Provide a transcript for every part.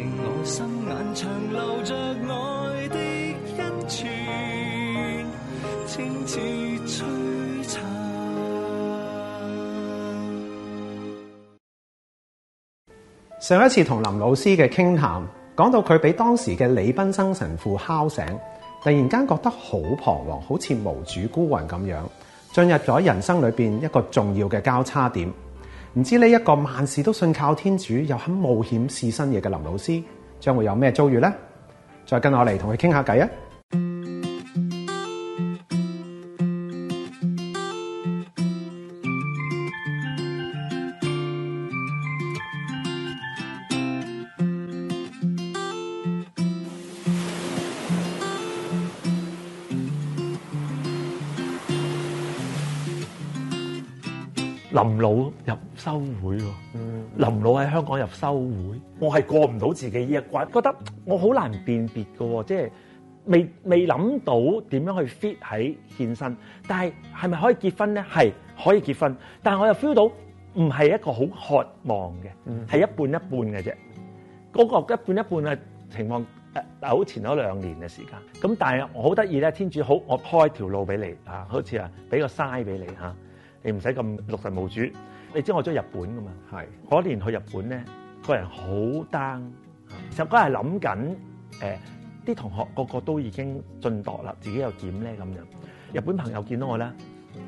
我心眼長留着愛的恩泉，清澈璀璨。上一次同林老師嘅傾談、談，講到佢俾當時嘅李斌生神父敲醒，突然間覺得好彷徨、徨，好似無主孤魂咁樣，進入咗人生裏邊一個重要嘅交叉點。唔知呢一個萬事都信靠天主又肯冒險試新嘢嘅林老師，將會有咩遭遇咧？再跟我嚟同佢傾下偈啊！林老。入修會喎、啊，嗯、林老喺香港入修會，我係過唔到自己呢一關，覺得我好難辨別嘅喎，即係未未諗到點樣去 fit 喺獻身，但係係咪可以結婚咧？係可以結婚，但係我又 feel 到唔係一個好渴望嘅，係、嗯、一半一半嘅啫。嗰、嗰個一半一半嘅情況、呃，好前嗰兩年嘅時間咁，但係我好得意咧，天主好，我開條路俾你啊，好似啊俾個嘥俾你嚇，你唔使咁六神無主。你知我鍾意日本噶嘛？我嗰是年去日本咧，個人好 down，是實家係諗緊誒，啲、呃、同學個個都已經進度啦，自己又點咧咁樣？日本朋友見到我咧，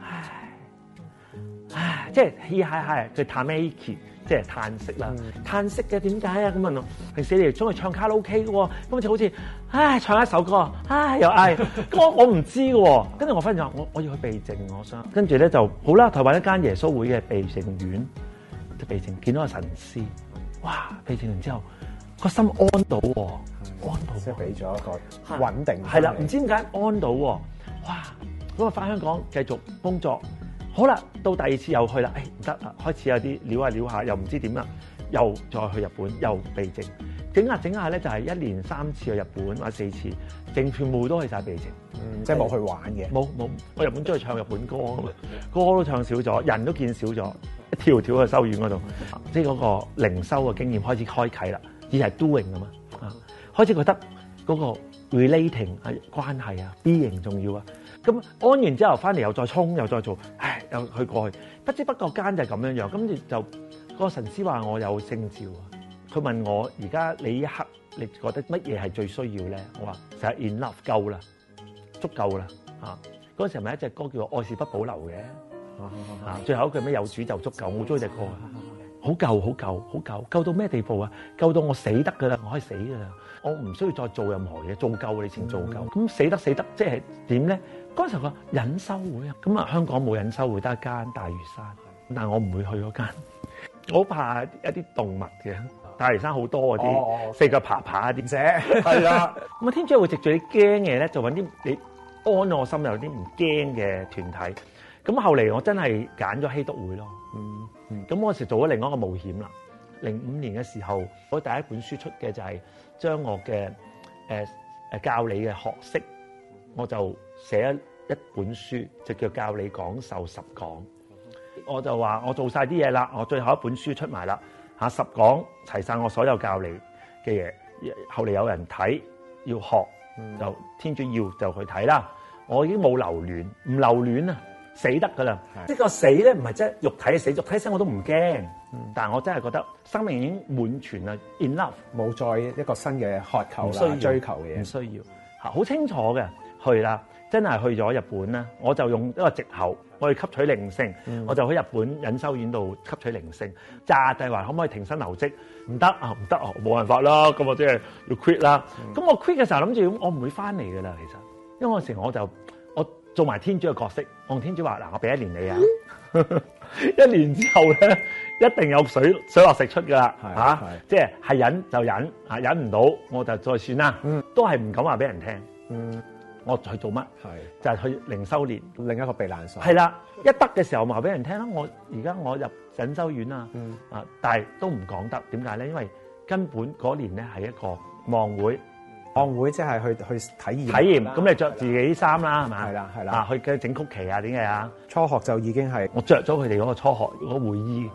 唉唉，即係唏唏，佢嘆咩氣？即係嘆息啦，嘆息嘅點解啊？咁問我，平時你哋中意唱卡拉 OK 嘅喎，今次好似唉唱一首歌，唉又嗌，我我唔知嘅喎。跟住我忽然話，我我要去避靜，我想。跟住咧就好啦，台灣一間耶穌會嘅避靜院，避靜見到個神師，哇避靜完之後個心安到喎，安到即係俾咗一個穩定，係啦，唔知點解安到喎，哇咁啊返香港繼續工作。好啦，到第二次又去啦，誒唔得啦，開始有啲撩下撩下，又唔知點啦，又再去日本又避靜整下整下咧，就係一年三次去日本或者四次，整全部都去晒避靜，即係冇去玩嘅。冇冇的，我日本中意唱日本歌，的歌都唱少咗，人都見少咗，一條條去修院嗰度，即係嗰個靈修嘅經驗開始開啟啦，而係 doing 咁啊，開始覺得嗰個 relating 啊關係啊 being 重要啊。咁安完之後，翻嚟又再衝又再做，唉，又去過去，不知不覺間就咁樣樣。跟住就嗰、那個神師話我有聖召，啊，佢問我而家你一刻你覺得乜嘢係最需要咧？我話成日 enough 啦，足夠啦嚇。嗰、啊、陣時咪有一隻歌叫做《愛是不保留》嘅、啊啊，最後一句咩有主就足夠，我好中意隻歌。啊好夠好夠好夠，夠到咩地步啊？夠到我死得㗎喇，我可以死㗎喇，我唔需要再做任何嘢，做夠你情做夠，咁死得死得，即係點咧？嗰陣時個隱修會啊，咁啊香港冇隱修會得一間大嶼山，但係我唔會去嗰間，我好怕一啲動物嘅，大嶼山好多嗰啲四腳爬爬點寫，係啦。咁啊天主會藉住你驚嘅咧，就揾啲你安我心又有啲唔驚嘅團體。咁後嚟我真係揀咗熙篤會咯，嗯。咁、嗯、我嗰時做咗另外一個冒險啦，零五年嘅時候，我第一本書出嘅就係將我嘅、呃、教理嘅學識，我就寫咗一本書，就叫教理講授十講。我就話我做晒啲嘢啦，我最後一本書出埋啦，嚇十講齊晒我所有教理嘅嘢。後嚟有人睇要學，就、嗯、天主要就去睇啦。我已經冇留戀，唔留戀啊！死得噶啦！呢個死咧唔係即係肉體嘅死，肉體死我都唔驚。但係我真係覺得生命已經滿全啦，enough，冇再一個新嘅渴求啦，追求嘢唔需要。好清楚嘅去啦，真係去咗日本啦。我就用一個藉口，我去吸取靈性。我就喺日本隱修院度吸取靈性。咋地話可唔可以停薪留職？唔得啊，唔得啊，冇辦法啦。咁我即係要 quit 啦。咁我 quit 嘅時候諗住，我唔會翻嚟噶啦。其實，因為嗰陣時我就。做埋天主嘅角色，我同天主話：嗱，我俾一年你啊，一年之後咧，一定有水水落石出噶啦，吓，係，即係係忍就忍，啊忍唔到我就再算啦，嗯、都係唔敢話俾人聽，嗯，我去做乜，係就係去靈修年另一個避難所。係啦，一得嘅時候咪話俾人聽啦。我而家我入隱修院啊，嗯、啊，但係都唔講得，點解咧？因為根本嗰年咧係一個望會。我會即係去去體驗，體驗，咁你着自己衫啦，係咪？係啦，係啦，去整曲奇啊，點解啊。初學就已經係我着咗佢哋嗰個初學個會衣。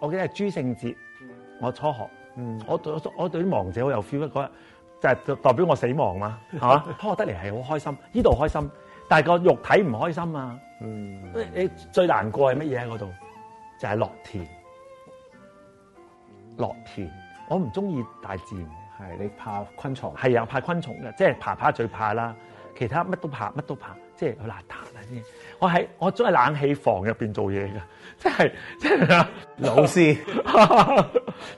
我記得係朱聖傑，我初學，我我我對啲亡者好有 feel。嗰日就係代表我死亡嘛，係嘛？初學得嚟係好開心，呢度開心，但係個肉體唔開心啊。嗯，你最難過係乜嘢喺嗰度？就係落田，落田，我唔中意大自然。係你怕昆蟲，係啊，怕昆蟲嘅，即係爬爬最怕啦。其他乜都怕，乜都怕，即係好邋遢啊啲嘢。我喺我都係冷氣房入邊做嘢嘅，即係即係老師，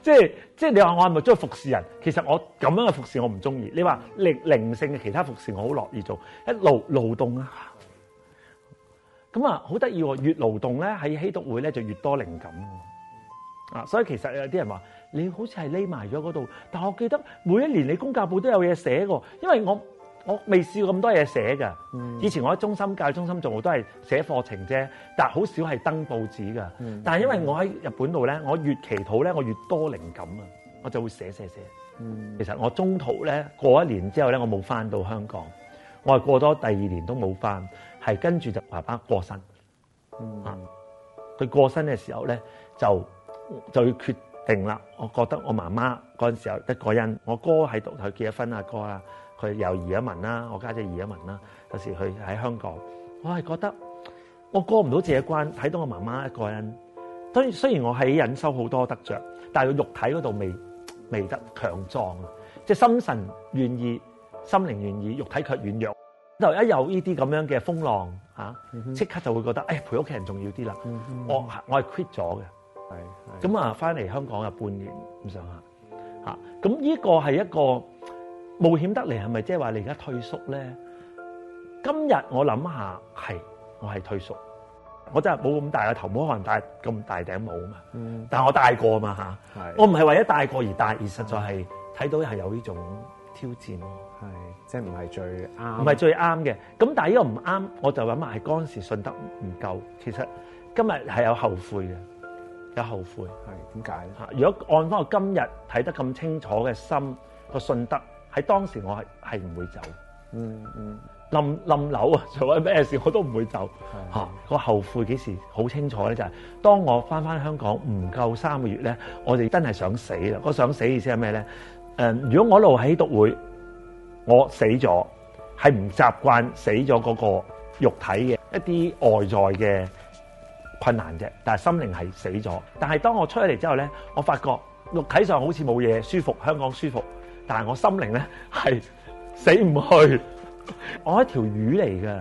即係即係你話我係咪中意服侍人？其實我咁樣嘅服侍我唔中意。你話靈靈性嘅其他服侍我好樂意做，一勞勞動啊。咁啊，好得意喎！越勞動咧，喺基督會咧就越多靈感啊。所以其實有啲人話。你好似係匿埋咗嗰度，但係我記得每一年你《公教報》都有嘢寫嘅，因為我我未試過咁多嘢寫嘅。以前我喺中心教育中心做我都係寫課程啫，但係好少係登報紙嘅。但係因為我喺日本度咧，我越祈禱咧，我越多靈感啊，我就會寫寫寫。其實我中途咧過一年之後咧，我冇翻到香港，我係過咗第二年都冇翻，係跟住就爸爸過身啊。佢過身嘅時候咧，就就要決。定啦。我覺得我媽媽嗰陣時候一個人，我哥喺度佢結咗婚啊，佢哥啊，佢又移咗民啦，我家姐，姐移咗民啦。有時佢喺香港，我係覺得我過唔到自己嘅關，睇到我媽媽一個人。當然，雖然我喺隱修好多得着，但係個肉體嗰度未未得強壯啊，即係心神願意，心靈願意，肉體卻軟弱。就一有呢啲咁樣嘅風浪嚇，即刻就會覺得誒、哎，陪屋企人重要啲啦，嗯哼。我我係 quit 咗嘅。係咁啊！翻嚟是香港啊，半年咁上下。吓，咁呢個係一個冒險得嚟，係咪即係話你而家退縮咧？今日我諗下，係我係退縮，我真係冇咁大個頭，冇可能戴咁大頂帽啊嘛。但、嗯、但我戴過啊嘛吓，係是 我唔係為咗戴過而戴，而實在係睇到係有呢種挑戰咯。係即係唔係最啱，唔係最啱嘅。咁但係呢個唔啱，我就諗下係嗰陣時信得唔夠，其實今日係有後悔嘅。有後悔，係點解咧？如果按返我今日睇得咁清楚嘅心個信德，喺當時我係係唔會走，嗯嗯，冧、嗯、冧樓啊，做緊咩事我都唔會走，嚇個的、啊、後悔幾時好清楚咧？就係、是、當我返返香港唔夠三個月咧，我哋真係想死啦！個想死的意思係咩咧？誒、呃，如果我一路喺讀會，我死咗係唔習慣死咗嗰個肉體嘅一啲外在嘅困難啫，但係心靈係死咗。但係當我出咗嚟之後咧，我發覺陸地上好似冇嘢舒服，香港舒服，但係我心靈咧係死唔去。 我係一條魚嚟㗎，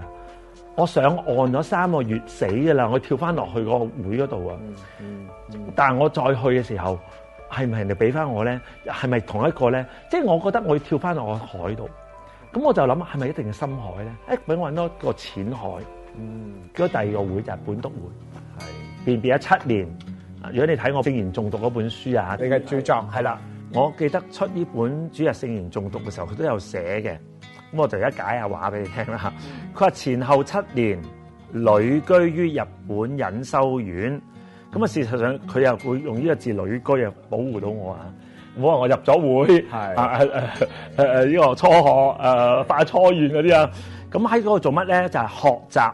我上岸咗三個月死㗎啦，我跳翻落去個會嗰度啊。嗯嗯、但係我再去嘅時候，係咪人哋俾翻我咧？係咪同一個咧？即、就、係、是、我覺得我要跳翻落我海度，咁我就諗係咪一定係深海咧？誒、哎，俾我揾多個淺海。嗯，嗰第二個會就係本篤會。辨別咗七年，如果你睇我聖言重讀嗰本書啊，你嘅著作係啦，的我記得出呢本《主日聖言重讀》嘅時候，佢都有寫嘅。咁我就而家解一下話俾你聽啦。佢話、嗯、前後七年，旅居於日本隱修院。咁啊，事實上佢又會用呢個字“旅居”保護到我，我是啊。唔好話我入咗會，係誒誒呢個初學誒、啊、快初願嗰啲啊。咁喺嗰度做乜咧？就係、是、學習。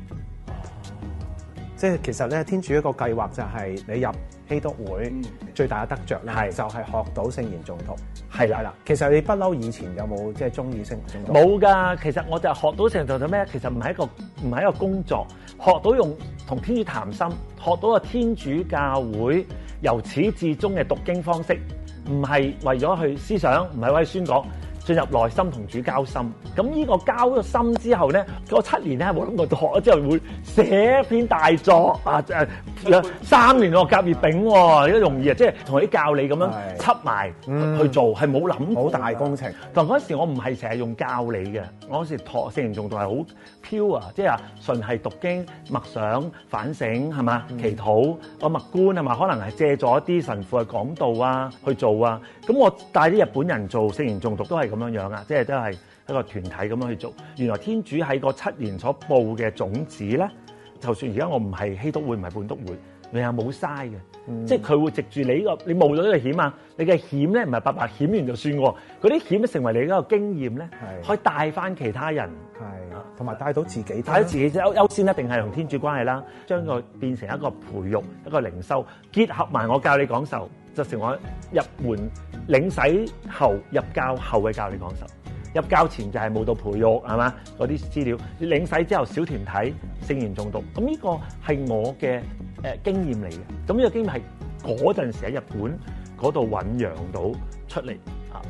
即係其實咧，天主一個計劃就係你入基督會、嗯、最大嘅得着咧，是就係學到聖言誦讀。係啦的，的其實你不嬲以前有冇即係中意聖言誦讀？冇、就、㗎、是，其實我就係學到誦讀做咩？其實唔係一個唔係一個工作，學到用同天主談心，學到個天主教會由始至終嘅讀經方式，唔係為咗去思想，唔係為宣講。進入內心同主交心，咁依個交咗心之後咧，嗰七年咧，冇諗過讀咗之後會寫篇大作啊！誒，三年我甲乙丙喎，因為容易啊，即係同你教理咁樣執埋去做，係冇諗好大工程。但嗰時我唔係成日用教理嘅，我嗰時讀聖言中毒係好 pure，即係純係讀經、默想、反省係嘛、祈禱、我默觀係嘛，可能係借助一啲神父嘅講道啊去做啊。咁我帶啲日本人做聖言中毒都係。咁樣樣啊，即係都係一個團體咁樣去做。原來天主喺個七年所播嘅種子咧，就算而家我唔係希督會，唔係半督會，你又冇嘥嘅。即係佢會藉住你個，你冒咗呢個險啊！你嘅險咧，唔係白白險完就算喎。嗰啲險咧，成為你一個經驗咧，可以帶翻其他人，同埋帶到自己，帶到自己優優先一定係同天主關係啦。將佢變成一個培育一個靈修，結合埋我教你講授。就成我入門領洗後入教後嘅教理講師，入教前就係冇到培育係嘛？嗰啲資料領洗之後小團體聖言中毒，咁呢個係我嘅誒、呃、經驗嚟嘅。咁呢個經驗係嗰陣時喺日本嗰度醞釀到出嚟。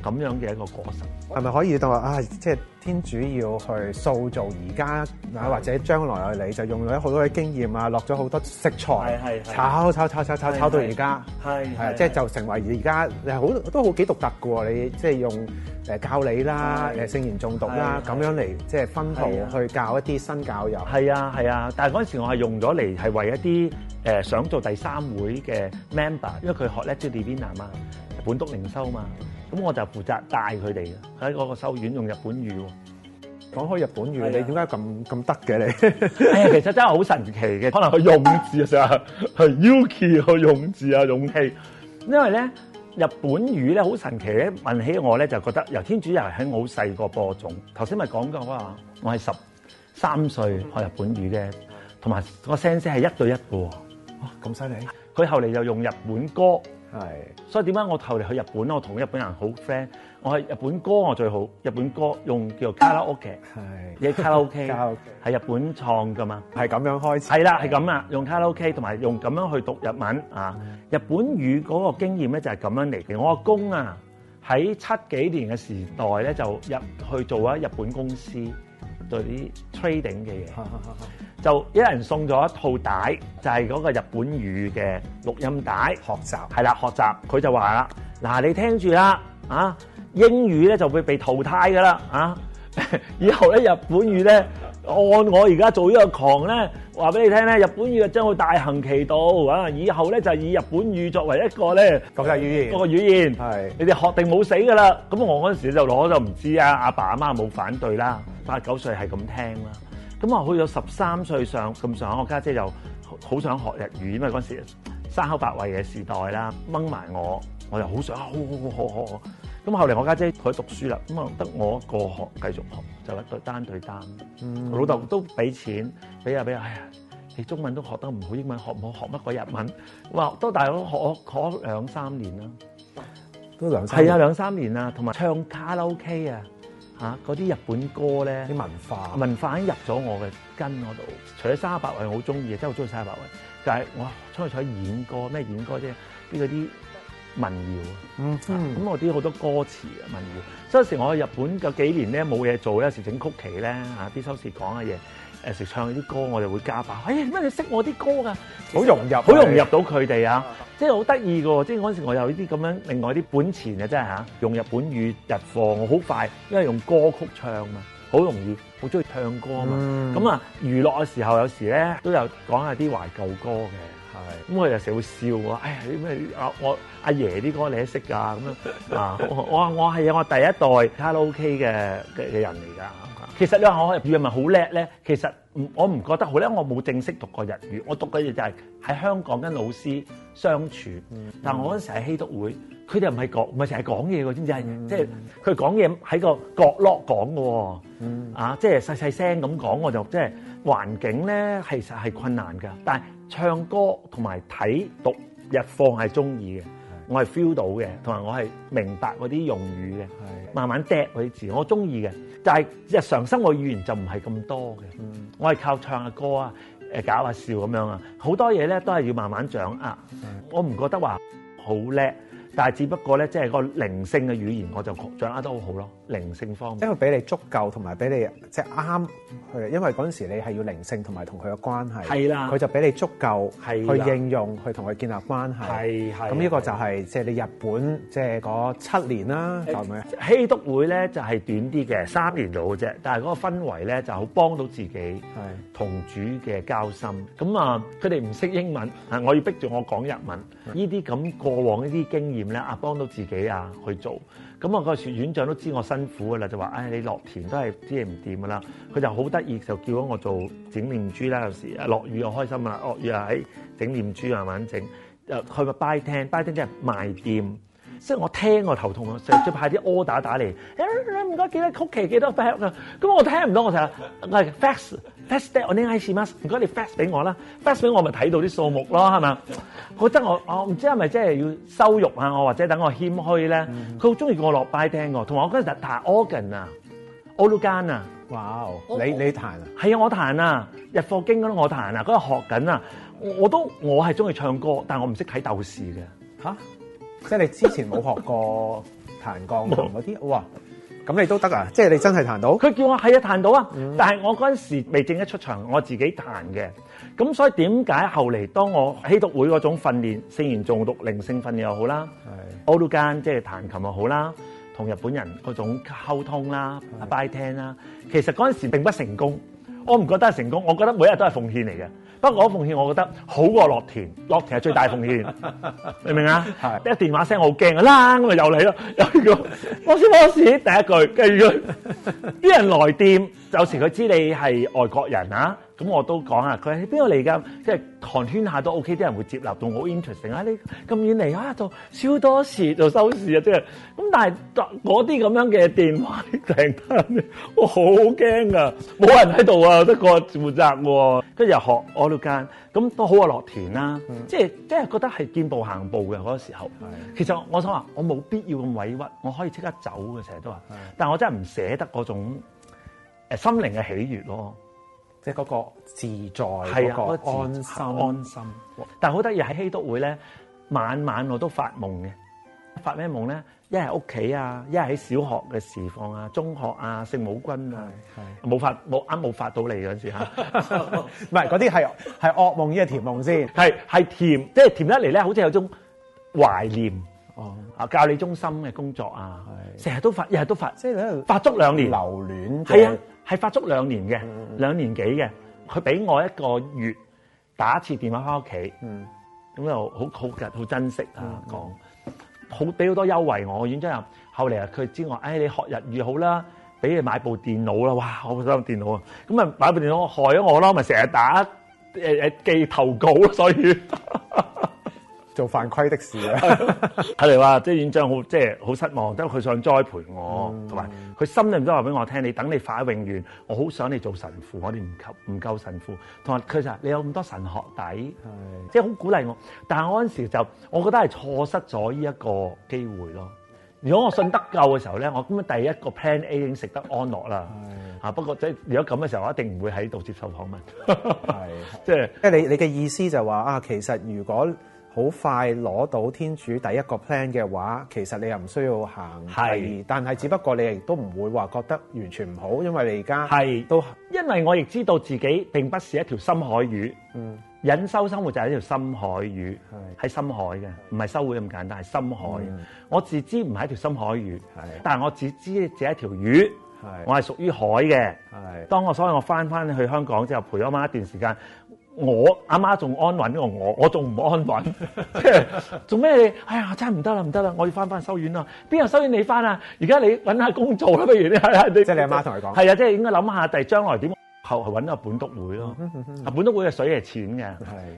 咁樣嘅一個過程，係咪可以當啊？即、就、係、是、天主要去塑造而家，是或者將來嘅你，就用咗好多嘅經驗啊，落咗好多食材，炒炒炒炒炒是炒到而家，係即係就成為而家好都好幾獨特嘅喎。你即係、就是、用誒、呃、教理啦，誒聖是言中毒啦，咁樣嚟即係分佈、啊、去教一啲新教友。係啊，係啊。但係嗰陣時我係用咗嚟係為一啲誒、呃、想做第三會嘅 member，因為佢學叻 Lectio Divina 嘛。本督靈修嘛，咁我就負責帶佢哋嘅，喺嗰個修院用日本語講，開日本語，你點解咁咁得嘅你？其實真係好神奇嘅，可能佢用字成日係 uki 去用字啊，用氣。因為咧日本語咧好神奇咧，問起我咧就覺得由天主教喺我好細個播種。頭先咪講過哇，我係十三歲學日本語嘅，同埋個 sense 係一對一嘅喎。哇，咁犀利！佢後嚟又用日本歌。係，是所以點解我後嚟去日本我同日本人好 friend，我係日本歌我最好，日本歌用叫做卡拉 OK，係是，啲卡拉 OK 係 OK 日本創噶嘛，係咁樣開始。係啦，係咁啊，的用卡拉 OK，同埋用咁樣去讀日文啊，的日本語嗰個經驗咧就係咁樣嚟嘅。我阿公啊，喺七幾年嘅時代咧就入去做啊日本公司對啲 trading 嘅嘢。做一些 就一人送咗一套帶，就係、是、嗰個日本語嘅錄音帶學習習，係啦學習。佢就話啦：嗱，你聽住啦，啊，英語咧就會被淘汰㗎啦、啊， 啊，以後咧日本語咧，按我而家做呢個狂咧，話俾你聽咧，日本語啊將會大行其道啊！以後咧就以日本語作為一個咧國家語言，個語言是你哋學定冇死㗎啦。咁我嗰時就攞就唔知啊，阿爸阿媽冇反對啦，八九歲係咁聽啦。咁啊，去咗十三歲上咁上下，我家姐就好想學日語，因為嗰時山口百惠嘅時代啦，掹埋我，我又好想，好好好好好。咁後嚟我家姐佢去咗讀書啦，咁啊得我一個學繼續學，就一對單對單。嗯、老豆都俾錢，俾啊俾啊，哎呀，你中文都學得唔好，英文學唔好，學乜鬼日文，哇！都大佬，我學學兩三年啦，都兩係啊兩三年啊，同埋唱卡拉 OK 啊！嚇！嗰啲、啊、日本歌咧，啲文化文化已經入咗我嘅根嗰度。除咗沙百惠，我好中意，真係好中意沙百惠。但係我出去演歌咩演歌啫？邊嗰啲民謠，嗯嗯。咁我啲好多歌詞啊，民謠所以。有時我喺日本嗰幾年咧冇嘢做，有時整曲奇咧啲收視講嘅嘢。啊誒，食、呃、唱啲歌我就會加爆。哎呀，乜你識我啲歌噶、啊？好信融入，好是融入到佢哋啊！啊即係好得意嘅喎，即係嗰陣時我有呢啲咁樣，另外啲本錢嘅、啊、真係嚇、啊，用日本語日課我好快，因為用歌曲唱嘛，好容易，好中意唱歌啊嘛！咁、嗯嗯、啊，娛樂嘅時候有時咧都有講下啲懷舊歌嘅，咁咁哋有時會笑我，哎呀，乜啊我阿爺啲歌你都識噶咁樣啊？我啊我係有我第一代卡拉 OK 嘅嘅人嚟㗎。其實你話我日語係咪好叻咧？其實我唔覺得好叻，我冇正式讀過日語，我讀嘅嘢就係喺香港跟老師相處。嗯、但係我嗰陣時喺基督會，佢哋唔係講，唔係成日講嘢嘅，知唔知即係佢講嘢喺個角落講嘅喎。嗯、啊，即係細細聲咁講，我就即係環境咧，其實係困難嘅。但係唱歌同埋睇讀日課係鍾意嘅。我係 feel 到嘅，同埋我係明白嗰啲用語嘅，的慢慢揼嗰啲字，我中意嘅。但係日常生活語言就唔係咁多嘅，嗯、我係靠唱下歌啊，誒搞下笑咁樣啊，好多嘢咧都係要慢慢掌握。的我唔覺得話好叻。但係，只不過咧，即係嗰個靈性嘅語言，我就掌握得好好咯。靈性方面，因為俾你足夠，同埋俾你即係啱。因為嗰陣時你係要靈性，同埋同佢嘅關係。係啦。係。佢就俾你足夠去應用，係。去同佢建立關係。係。咁呢個就係即係你日本即係嗰七年啦。係咪？希督會咧就係短啲嘅三年度嘅啫，但係嗰個氛圍咧就好幫到自己。同主嘅交心咁啊，佢哋唔識英文啊，我要逼住我講日文。呢啲咁過往呢啲經驗咧啊，幫到自己啊去做咁啊。那個雪院長都知我辛苦噶啦，就話，唉、哎，你落田都係知嘢唔掂噶啦。佢就好得意，就叫咗我做整念珠啦。有時落雨又開心啊，落雨啊喺整念珠啊，慢慢整。佢去個 buy 聽 buy 聽即係賣店，即係我聽我頭痛啊。成日最怕啲柯打打嚟，唔該幾多曲奇幾多？咁我聽唔到，我睇下 fax。Like, test day 我呢啲嘢先嘛，唔該你 fast 俾我啦 fast 俾我咪睇到啲數目咯，係嘛？覺得 我、哦、道是是是我唔知係咪真係要羞辱啊，我或者等我謙虛咧，佢好中意叫我落拜聽喎，同埋我嗰日彈 organ 啊 organ 啊，哇！Wow, 你你彈啊？係啊， 我彈啊，日課經嗰度我彈啊，嗰日學緊啊，我都我係中意唱歌，但我唔識睇鬥士嘅嚇，啊、即係你之前冇學過彈鋼琴嗰啲哇？咁你都得啊？即係你真係彈到？佢叫我係啊彈到啊！但係我嗰陣時未正式出場，我自己彈嘅。咁所以點解後嚟當我嬉讀會嗰種訓練，聖賢仲讀靈性訓練又好啦，我都間即係彈琴又好啦，同日本人嗰種溝通啦、拜聽啦，其實嗰陣時並不成功。我唔覺得係成功，我覺得每一日都係奉獻嚟嘅。不過我奉獻我覺得好過樂田，樂田係最大奉獻， 明唔明啊？一是的 電話聲我好驚啦，咁咪 又嚟咯，又個波 斯波斯第一句，跟住啲人來電。有時佢知你係外國人啊，咁我都講啊，佢喺邊度嚟㗎？即係寒暄下都 OK，啲人會接納到好 interesting 啊！你咁遠嚟啊，做少多事就收市啊，即係。咁但係嗰啲咁樣嘅電話你突然間呢，我好驚啊！冇人喺度啊，我得個負責喎、啊。跟住 又學我呢間，咁都好下啊，樂田啦，即係即係覺得係見步行步嘅嗰、那個時候。Mm hmm. 其實我想話，我冇必要咁委屈，我可以即刻走嘅，成日都話。Mm hmm. 但我真係唔捨得嗰種。誒心靈嘅喜悅咯，即係嗰個自在，係啊，安心安心。但係好得意喺希督會咧，晚晚我都發夢嘅，發咩夢咧？一係屋企啊，一係喺小學嘅時光啊，中學啊，聖母軍啊，冇發冇啊冇發到你嗰陣時嚇，唔係嗰啲係係噩夢，依個甜夢先，係係甜，即係甜得嚟咧，好似有種懷念哦。啊，教理中心嘅工作啊，成日都發，成日都發，即係發足兩年留戀，係啊。係發足兩年嘅，兩年幾嘅，佢俾我一個月打一次電話翻屋企，咁又好好好珍惜啊，講好俾好多優惠我，然之又後嚟啊，佢知我，唉、哎，你學日語好啦，俾你買部電腦啦，哇，好想電腦啊，咁咪買部電腦害咗我咯，咪成日打誒誒寄投稿，所以。 做犯規的事啊！ 係你話，即係院長好，即係好失望，因為佢想栽培我，同埋佢心裏面都話俾我聽：你等你發永願，我好想你做神父，我哋唔及唔夠神父。同埋佢就話：你有咁多神學底，即係好鼓勵我。但係我嗰時就，我覺得係錯失咗呢一個機會咯。如果我信得夠嘅時候咧，我咁樣第一個 plan A 已經食得安樂啦。啊是，不過即係如果咁嘅時候，我一定唔會喺度接受訪問。即係即係你你嘅意思就話啊，其實如果好快攞到天主第一個 plan 嘅話，其實你又唔需要行。是但係只不過你亦都唔會話覺得完全唔好，因為你而家係都，因為我亦知道自己並不是一條深海魚。嗯，隱修生活就係一條深海魚，係喺是深海嘅，唔係修會咁簡單，係深海。嗯、我自知唔係一條深海魚，是但係我自知只係一條魚，是我係屬於海嘅。係是，當我所以我翻翻去香港之後，陪咗媽一段時間。我阿媽仲安穩喎，我我仲唔安穩，做咩？ 哎呀，真唔得啦，唔得啦，我要翻翻修院啦。邊有修院你翻啊？而家你揾下工做啦，不如係啊！即係你阿媽同你講，係啊，即、就、係、是、應該諗下第將來點後揾個本篤會咯。啊， 本篤會嘅水係淺嘅，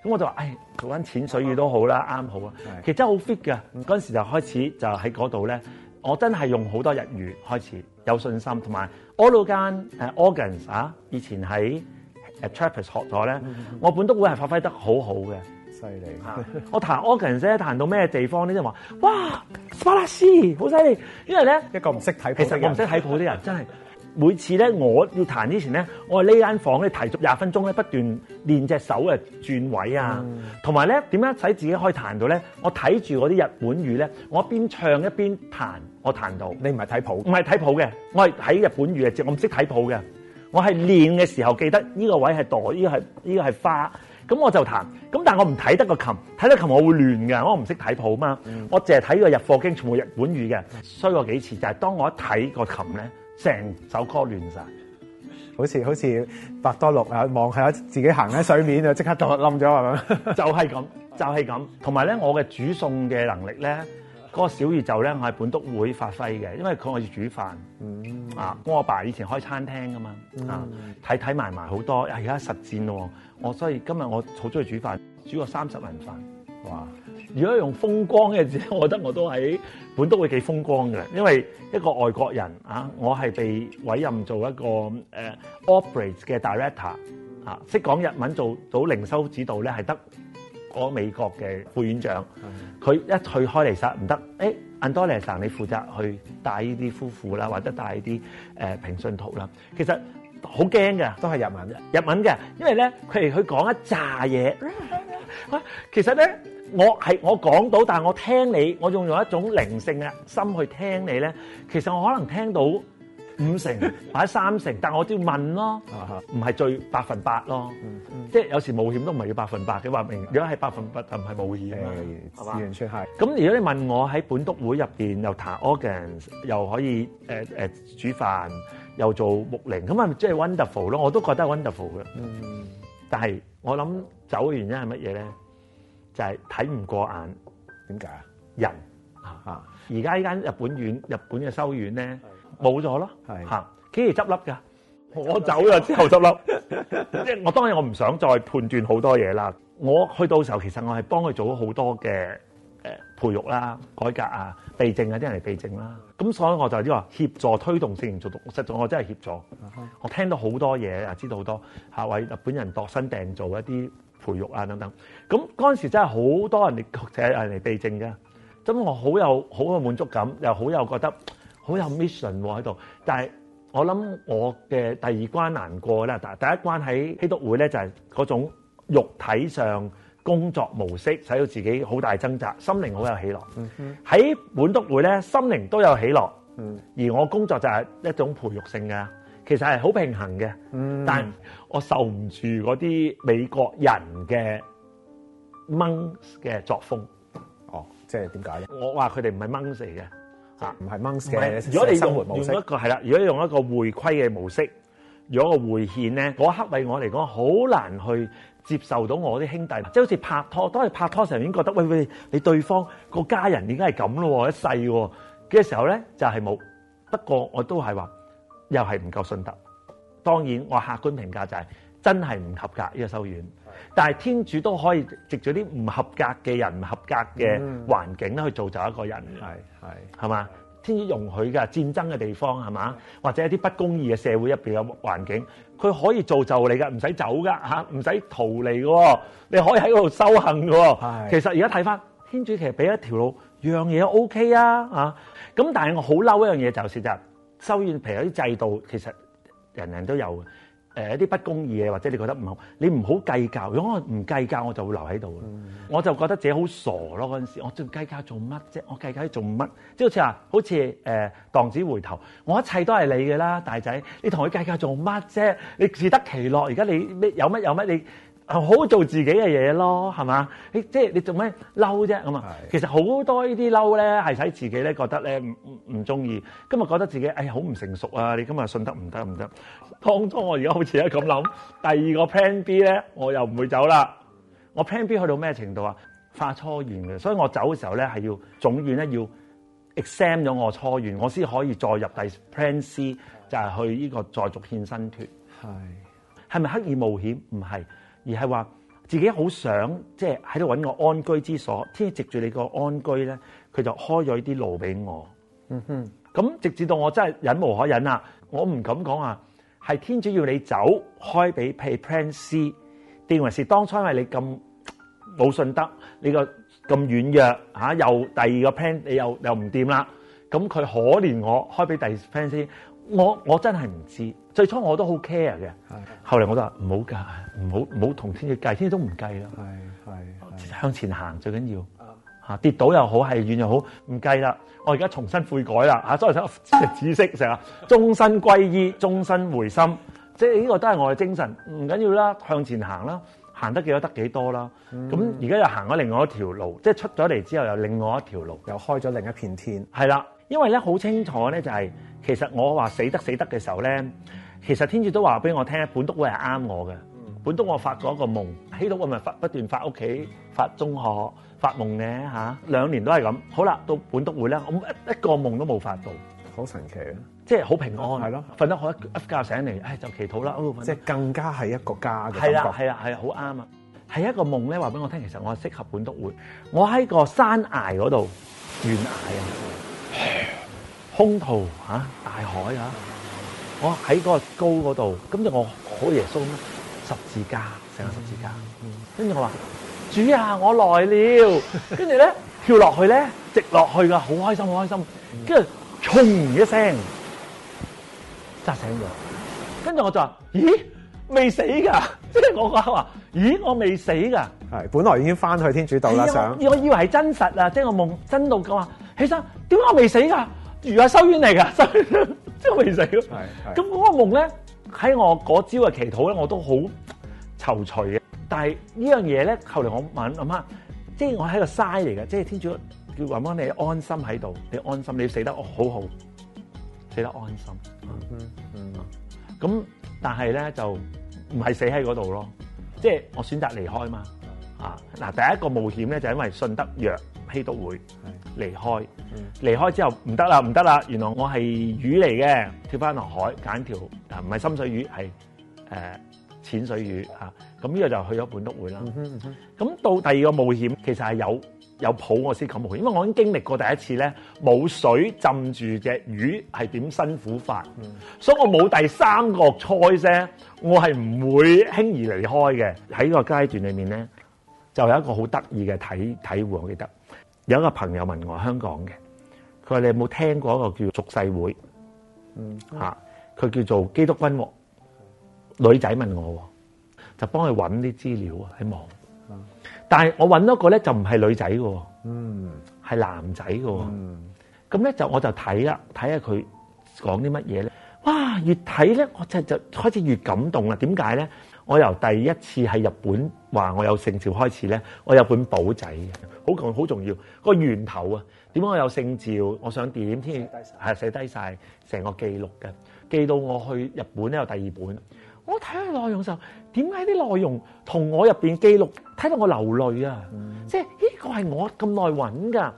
咁我就話：唉、哎，做緊淺水魚都好啦，啱 好啊。好的其實真係好 fit 㗎。嗰陣時就開始就喺嗰度咧，我真係用好多日語開始有信心，同埋 a l l 誒 organ 啊，以前喺。學咗咧，我本都會係發揮得好好嘅。犀利害！我彈 organ 咧，彈到咩地方咧？就話哇，巴拉斯，好犀利！因為咧，一個唔識睇，其實我唔識睇譜啲人真係。每次咧，我要彈之前咧，我喺呢間房咧，提前廿分鐘咧，不斷練隻手啊轉位啊，同埋咧點樣使自己可以彈到咧？我睇住我啲日本語咧，我一邊唱一邊彈，我彈到。你唔係睇譜，唔係睇譜嘅，我係睇日本語嘅字，我唔識睇譜嘅。我係練嘅時候記得呢個位係袋，呢、這個係呢、這個係花，咁我就彈。咁但係我唔睇得個琴，睇得琴我會亂嘅，我唔識睇譜嘛。嗯、我淨係睇個入貨經，全部日本語嘅，衰過幾次。就係、是、當我一睇個琴咧，成首歌亂晒，好似好似白多六。啊，望下自己行喺水面了就即刻就冧咗係咪？就係、是、咁，就係咁。同埋咧，我嘅煮餸嘅能力咧，那個小宇宙咧係本篤會發揮嘅，因為佢我要煮飯。嗯啊！我阿爸，爸以前開餐廳噶嘛，嗯、啊睇睇埋埋好多，而家實戰咯，我所以今日我好中意煮飯，煮過三十人飯，哇！如果用風光嘅字，我覺得我都喺本都會幾風光嘅，因為一個外國人啊，我係被委任做一個誒、uh, operate 嘅 director，啊識講日文做到零售指導咧係得我美國嘅副院長，佢、嗯、一去開嚟實唔得，誒。哎多，你負責去帶呢啲夫婦啦，或者帶啲誒平信徒啦。其實好驚嘅，都係日文嘅，日文嘅，因為咧佢哋去講一揸嘢。其實咧，我係我講到，但係我聽你，我用用一種靈性嘅心去聽你咧。其實我可能聽到。五成或者三成，但係我都要問咯，唔係最百分百咯，即係有時冒險都唔係要百分百。你話明，如果係百分百就唔係冒險啦，係嘛？自然出嚟。咁如果你問我喺本篤會入邊又彈 organ，又可以誒誒煮飯，又做木靈，咁啊即係 wonderful 咯，我都覺得係 wonderful 嘅。但係我諗走嘅原因係乜嘢咧？就係睇唔過眼，點解啊？人啊，而家呢間日本院、日本嘅修院咧。冇咗咯，嚇幾是時執笠㗎？的我走咗之後執笠，即係 我當然我唔想再判斷好多嘢啦。我去到時候，其實我係幫佢做咗好多嘅誒培育啦、改革啊、備證啊，啲人嚟備證啦。咁所以我就呢個協助推動適應做讀實在我真係協助。Uh huh. 我聽到好多嘢啊，知道好多嚇為日本人度身訂做一啲培育啊等等。咁嗰陣時真係好多人哋國籍人嚟備證嘅，咁我好有好有滿足感，又好有覺得。好有 mission 喺度，但係我諗我嘅第二關難過啦，第第一關喺基督會咧就係嗰種肉體上工作模式，使到自己好大掙扎，心靈好有喜樂。喺本督會咧，心靈都有喜樂。而我工作就係一種培育性嘅，其實係好平衡嘅。但係我受唔住嗰啲美國人嘅掹嘅作風。哦，即係點解咧？我話佢哋唔係掹嚟嘅。唔係掹嘅，如果你用用一個係啦，如果用一個匯歸嘅模式，如果個匯獻咧，嗰刻為我嚟講好難去接受到我啲兄弟，即係好似拍拖，當你拍拖時候已經覺得喂喂，你對方個家人已經係咁咯，一世嘅時候咧就係冇。不過我都係話，又係唔夠信德。當然我客觀評價就係。真係唔合格呢、這個修院，但係天主都可以藉住啲唔合格嘅人、唔合格嘅環境咧、嗯、去造就一個人。係係係嘛，天主容許㗎，戰爭嘅地方係嘛？或者一啲不公義嘅社會入邊嘅環境，佢可以造就你㗎，唔使走㗎嚇，唔使逃離㗎喎，你可以喺嗰度修行㗎喎。是其實而家睇翻，天主其實俾一條路，樣嘢都 OK 啊嚇。咁、啊、但係我好嬲一樣嘢就係就修院，譬如有啲制度，其實人人都有嘅。誒一啲不公義嘅，或者你覺得唔好，你唔好計較。如果我唔計較，我就會留喺度。嗯、我就覺得自己好傻咯。嗰陣時，我仲計較做乜啫？我計較做乜？即係好似話，好似誒浪子回頭，我一切都係你嘅啦，大仔。你同佢計較做乜啫？你自得其樂。而家你咩有乜有乜你？好做自己嘅嘢咯，係嘛？你即係你做咩嬲啫咁啊？是 其實好多呢啲嬲咧，係使自己咧覺得咧唔唔唔中意。今日覺得自己哎好唔成熟啊！你今日信得唔得唔得？當初我而家好似咧咁諗，第二個 plan B 咧，我又唔會走啦。我 plan B 去到咩程度啊？化初願嘅，所以我走嘅時候咧係要總院咧要，要 exam 咗我初願，我先可以再入第 plan C，就係去呢個再續獻身脫。係係咪刻意冒險？唔係。而係話自己好想即係喺度揾個安居之所，天主藉住你個安居咧，佢就開咗啲路俾我。嗯哼，咁直至到我真係忍無可忍啦，我唔敢講啊，係天主要你走，開俾 plan C，定還是當初因為你咁冇信德，你個咁軟弱嚇，又第二個 plan 你又又唔掂啦，咁佢可憐我，開俾第二 plan C 我。我我真係唔知。最初我都好 care 嘅，係，後嚟我都話唔好計，唔好唔好同天氣計，天氣都唔計啦。向前行最緊要嚇，跌倒又好，係遠又好，唔計啦。我而家重新悔改啦嚇，再嚟想知識成日，終身歸依，終身回心，即係呢個都係我嘅精神。唔緊要啦，向前行啦，行得幾多得幾多啦。咁而家又行咗另外一條路，即係出咗嚟之後又另外一條路，又開咗另一片天，係啦。因為咧好清楚咧、就是，就係其實我話死得死得嘅時候咧。其實天主都話俾我聽，本篤會係啱我嘅。本篤我發過一個夢，希督我咪發不斷發屋企發中學發夢呢嚇，兩年都係咁。好啦，到本篤會咧，我一一個夢都冇發到，好神奇啊！即係好平安，係咯，瞓得好一覺醒嚟，唉就祈禱啦，一路瞓。即係更加係一個家嘅感覺。係啦，係啦，係啊，好啱啊！係一個夢咧，話俾我聽，其實我係適合本篤會。我喺個山崖嗰度，懸崖啊，空途嚇，大海啊。我喺嗰個高嗰度，咁就我好耶穌咁，十字架成個十字架，跟住我話：主啊，我來了。跟住咧跳落去咧，直落去㗎，好開心，好開心。跟住，砰！一聲，扎醒咗。跟住我就話：咦，未死㗎？即係我講話：咦，我未死㗎？係，本來已經翻去天主道啦。想我以為係真實啊，即係我夢真到咁啊！起身，點解我未死㗎？原來收院嚟㗎。真係未死咯，咁嗰個夢咧喺我嗰朝嘅祈禱咧，我都好躊躇嘅。但係呢樣嘢咧，後嚟我問阿媽，即係我喺個嘥嚟嘅，即係天主叫阿媽你安心喺度，你安心，你要死得哦好好，死得安心。嗯嗯，咁但係咧就唔係死喺嗰度咯，即係我選擇離開嘛。啊，嗱，第一個冒險咧就因為順德約希都會。離開，離開之後唔得啦，唔得啦！原來我係魚嚟嘅，跳翻落海揀條啊，唔係深水魚，係誒、呃、淺水魚嚇。咁呢個就去咗本督會啦。咁、嗯嗯、到第二個冒險，其實係有有譜我先敢冒險，因為我已經經歷過第一次咧，冇水浸住嘅魚係點辛苦法，嗯、所以我冇第三個 choice 我係唔會輕易離開嘅。喺個階段裏面咧，就有一個好得意嘅體體會，我記得。有一個朋友問我香港嘅，佢話，你有冇聽過一個叫俗世會？嗯，吓、嗯、佢、啊、叫做基督軍，女仔問我，就幫佢搵啲資料喺網，但係我搵到一個咧就唔係女仔嘅，嗯，係男仔嘅，咁咧、嗯、就我就睇啦，睇下佢講啲乜嘢咧，哇，越睇咧我就就開始越感動啦，點解咧？我由第一次喺日本話我有姓趙開始咧，我有本簿仔嘅，好重好重要。個源頭啊，點解我有姓趙？我想點天氣係寫低晒成個記錄嘅，記到我去日本咧有第二本。我睇下內容嘅時候，點解啲內容同我入邊記錄睇到我流淚啊？嗯、即係呢個係我咁耐揾㗎。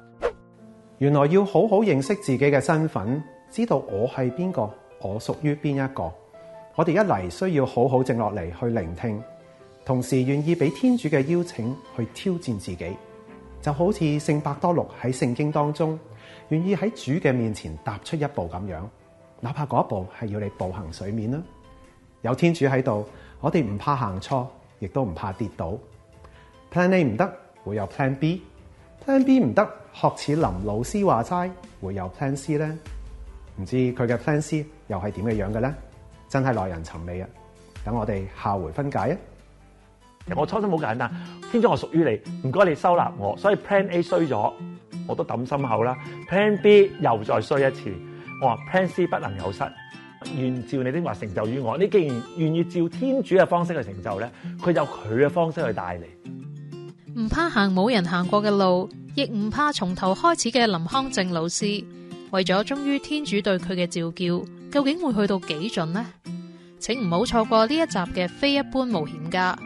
原來要好好認識自己嘅身份，知道我係邊個，我屬於邊一個。我哋一嚟需要好好靜落嚟去聆聽，同時願意俾天主嘅邀請去挑戰自己，就好似聖伯多祿喺聖經當中願意喺主嘅面前踏出一步咁樣，哪怕嗰一步係要你步行水面啦。有天主喺度，我哋唔怕行錯，亦都唔怕跌倒。Plan A 唔得，會有 Plan B，Plan B 唔得，學似林老師話齋會有 Plan C 咧，唔知佢嘅 Plan C 又係點嘅樣嘅咧？真係耐人尋味啊！等我哋下回分解啊！我初心好簡單，天主我屬於你，唔該你收納我，所以 Plan A 衰咗，我都抌心口啦。Plan B 又再衰一次，我話 Plan C 不能有失，願照你的話成就於我。你既然願意照天主嘅方式去成就咧，佢有佢嘅方式去帶你。唔怕行冇人行過嘅路，亦唔怕從頭開始嘅林康正老師，為咗忠於天主對佢嘅召叫，究竟會去到幾盡呢？請唔好錯過呢一集嘅《非一般冒險家》。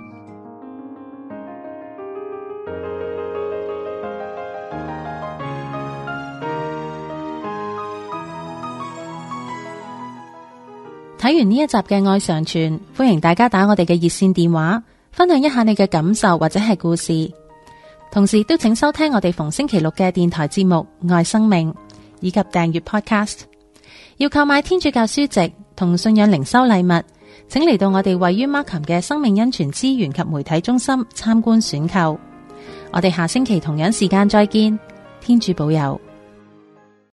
睇完呢一集嘅《愛上傳》，歡迎大家打我哋嘅熱線電話，分享一下你嘅感受或者係故事。同時，都請收聽我哋逢星期六嘅電台節目《愛生命》，以及訂閱 Podcast。要購買天主教書籍。同信仰靈修禮物，請嚟到我哋位於 Markham 嘅生命恩泉資源及媒體中心參觀選購。我哋下星期同樣時間再見，天主保佑。